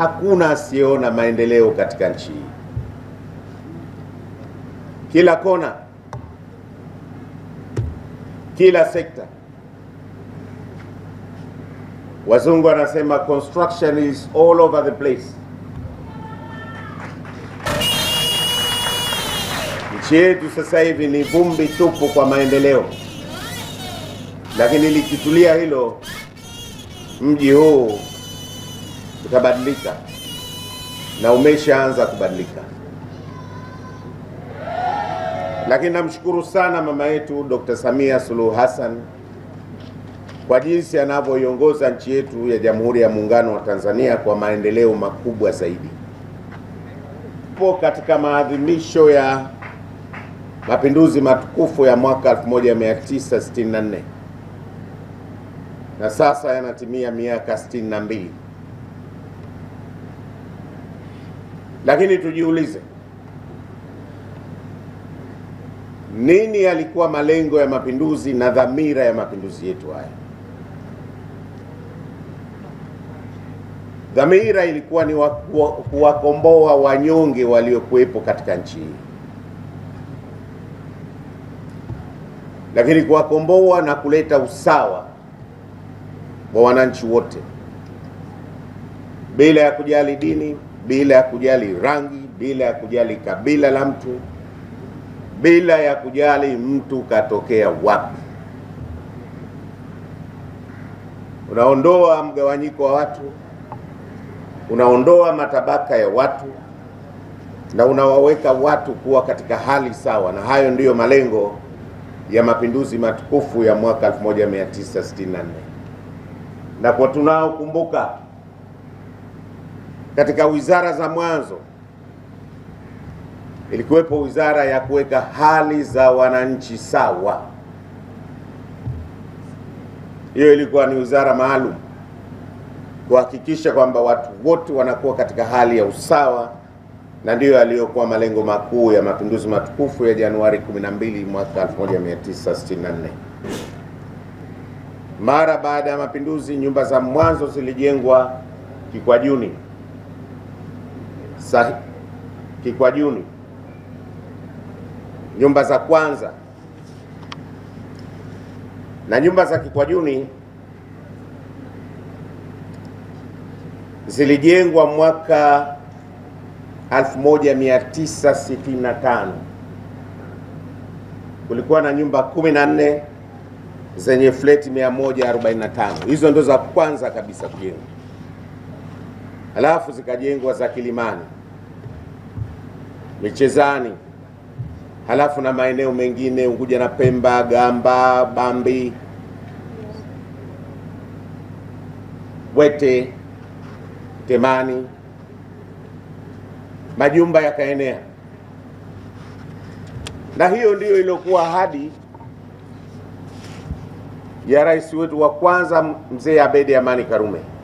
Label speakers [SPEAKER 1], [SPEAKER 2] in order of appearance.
[SPEAKER 1] Hakuna asiyeona maendeleo katika nchi hii. Kila kona, kila sekta. Wazungu wanasema construction is all over the place. Nchi yetu sasa hivi ni vumbi tupu kwa maendeleo, lakini likitulia hilo, mji huu utabadilika na umeshaanza kubadilika. Lakini namshukuru sana mama yetu Dr. Samia Suluhu Hassan kwa jinsi anavyoiongoza nchi yetu ya Jamhuri ya Muungano wa Tanzania kwa maendeleo makubwa zaidi. Po katika maadhimisho ya mapinduzi matukufu ya mwaka 1964 na sasa yanatimia miaka 62. Lakini tujiulize nini yalikuwa malengo ya mapinduzi na dhamira ya mapinduzi yetu haya? Dhamira ilikuwa ni kuwakomboa wanyonge waliokuwepo katika nchi hii, lakini kuwakomboa na kuleta usawa kwa wananchi wote bila ya kujali dini bila ya kujali rangi, bila ya kujali kabila la mtu, bila ya kujali mtu katokea wapi. Unaondoa mgawanyiko wa watu, unaondoa matabaka ya watu na unawaweka watu kuwa katika hali sawa, na hayo ndiyo malengo ya mapinduzi matukufu ya mwaka 1964 na kwa tunaokumbuka katika wizara za mwanzo ilikuwepo wizara ya kuweka hali za wananchi sawa. Hiyo ilikuwa ni wizara maalum kuhakikisha kwamba watu wote wanakuwa katika hali ya usawa, na ndiyo yaliyokuwa malengo makuu ya mapinduzi matukufu ya Januari 12 mwaka 1964. Mara baada ya mapinduzi, nyumba za mwanzo zilijengwa Kikwajuni sahi, Kikwajuni, nyumba za kwanza na nyumba za Kikwajuni zilijengwa mwaka 1965. Kulikuwa na nyumba 14 zenye fleti 145, hizo ndo za kwanza kabisa kujengwa, halafu zikajengwa za Kilimani Michezani, halafu na maeneo mengine Unguja na Pemba, Gamba, Bambi, Wete, Temani, majumba yakaenea, na hiyo ndiyo iliyokuwa ahadi ya rais wetu wa kwanza Mzee Abedi Amani Karume.